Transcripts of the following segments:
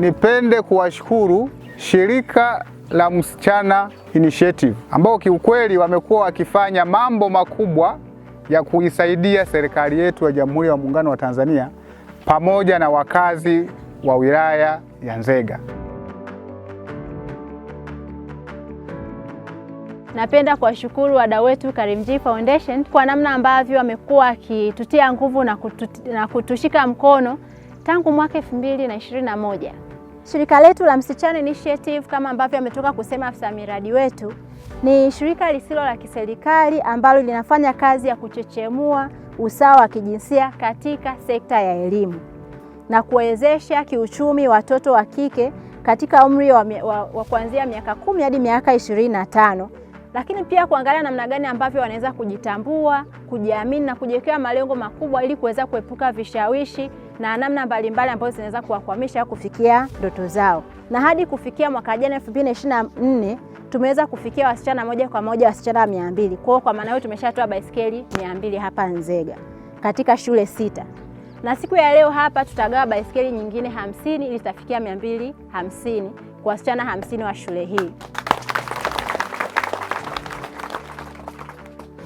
nipende kuwashukuru shirika la Msichana Initiative ambao kiukweli wamekuwa wakifanya mambo makubwa ya kuisaidia serikali yetu ya Jamhuri ya Muungano wa Tanzania pamoja na wakazi wa wilaya ya Nzega. Napenda kuwashukuru wadau wetu Karimjee Foundation kwa namna ambavyo wamekuwa akitutia nguvu na, kutu, na kutushika mkono tangu mwaka 2021. Shirika letu la Msichana Initiative kama ambavyo ametoka kusema afisa miradi wetu, ni shirika lisilo la kiserikali ambalo linafanya kazi ya kuchechemua usawa wa kijinsia katika sekta ya elimu na kuwezesha kiuchumi watoto wa kike katika umri wa, wa, wa kuanzia miaka kumi hadi miaka ishirini na tano lakini pia kuangalia namna gani ambavyo wanaweza kujitambua, kujiamini na kujiwekea malengo makubwa ili kuweza kuepuka vishawishi na namna mbalimbali ambazo zinaweza kuwakwamisha kufikia ndoto zao. Na hadi kufikia mwaka jana 2024 tumeweza kufikia wasichana moja kwa moja wasichana 200. Kwa kwa maana hiyo tumeshatoa baisikeli 200 hapa Nzega katika shule sita na siku ya leo hapa tutagawa baisikeli nyingine hamsini ili tafikia mia mbili hamsini kwa wasichana hamsini wa shule hii.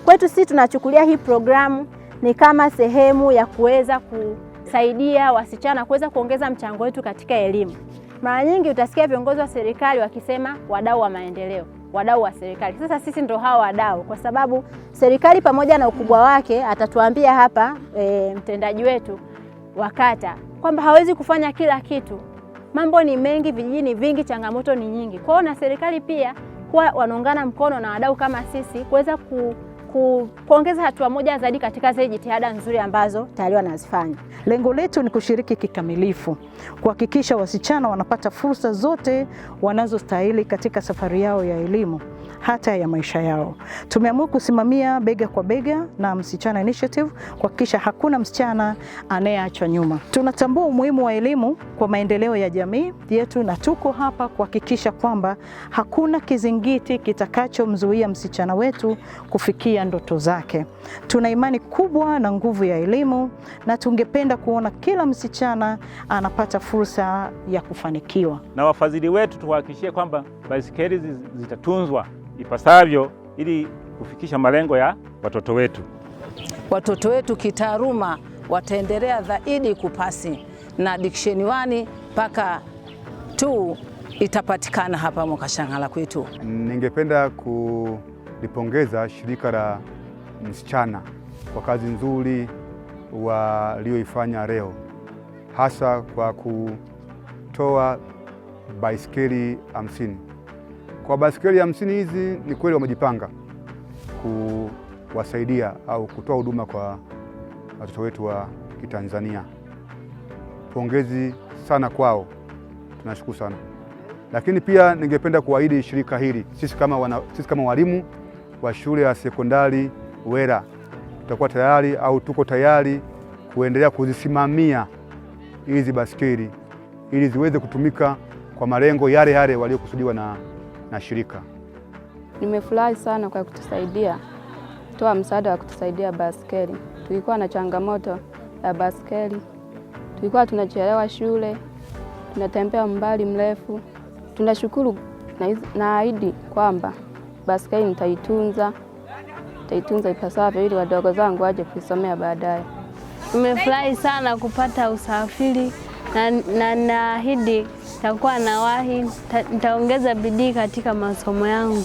Kwetu sisi tunachukulia hii programu ni kama sehemu ya kuweza ku kusaidia wasichana kuweza kuongeza mchango wetu katika elimu. Mara nyingi utasikia viongozi wa serikali wakisema wadau wa maendeleo, wadau wa serikali. Sasa sisi ndo hao wadau, kwa sababu serikali pamoja na ukubwa wake atatuambia hapa e, mtendaji wetu wa kata kwamba hawezi kufanya kila kitu. Mambo ni mengi, ni vingi, changamoto ni nyingi kwao, na serikali pia huwa wanaungana mkono na wadau kama sisi kuweza ku kuongeza hatua moja zaidi katika zile jitihada nzuri ambazo tayari wanazifanya. Lengo letu ni kushiriki kikamilifu, kuhakikisha wasichana wanapata fursa zote wanazostahili katika safari yao ya elimu hata ya maisha yao. Tumeamua kusimamia bega kwa bega na Msichana Initiative kuhakikisha hakuna msichana anayeachwa nyuma. Tunatambua umuhimu wa elimu kwa maendeleo ya jamii yetu, na tuko hapa kuhakikisha kwamba hakuna kizingiti kitakachomzuia msichana wetu kufikia ndoto zake. Tuna imani kubwa na nguvu ya elimu na tungependa kuona kila msichana anapata fursa ya kufanikiwa. Na wafadhili wetu tuhakikishie kwamba baisikeli zitatunzwa ipasavyo ili kufikisha malengo ya watoto wetu. Watoto wetu kitaaluma wataendelea zaidi kupasi na diksheni 1 mpaka tu itapatikana hapa Mkashangala kwetu. Ningependa ku lipongeza shirika la msichana kwa kazi nzuri walioifanya leo, hasa kwa kutoa baiskeli hamsini. Kwa baiskeli hamsini hizi ni kweli wamejipanga kuwasaidia au kutoa huduma kwa watoto wetu wa Kitanzania. Pongezi sana kwao, tunashukuru sana. Lakini pia ningependa kuahidi shirika hili, sisi kama, wana, sisi kama walimu wa shule ya sekondari Wera. Tutakuwa tayari au tuko tayari kuendelea kuzisimamia hizi baskeli ili ziweze kutumika kwa malengo yale yale waliokusudiwa na, na shirika. Nimefurahi sana kwa kutusaidia toa msaada wa kutusaidia baskeli. Tulikuwa na changamoto ya baskeli, tulikuwa tunachelewa shule, tunatembea mbali mrefu. Tunashukuru na ahidi kwamba basikeli nitaitunza, nitaitunza ipasavyo ili wadogo zangu waje kuisomea baadaye. Nimefurahi sana kupata usafiri na naahidi nitakuwa nawahi, nitaongeza bidii katika masomo yangu.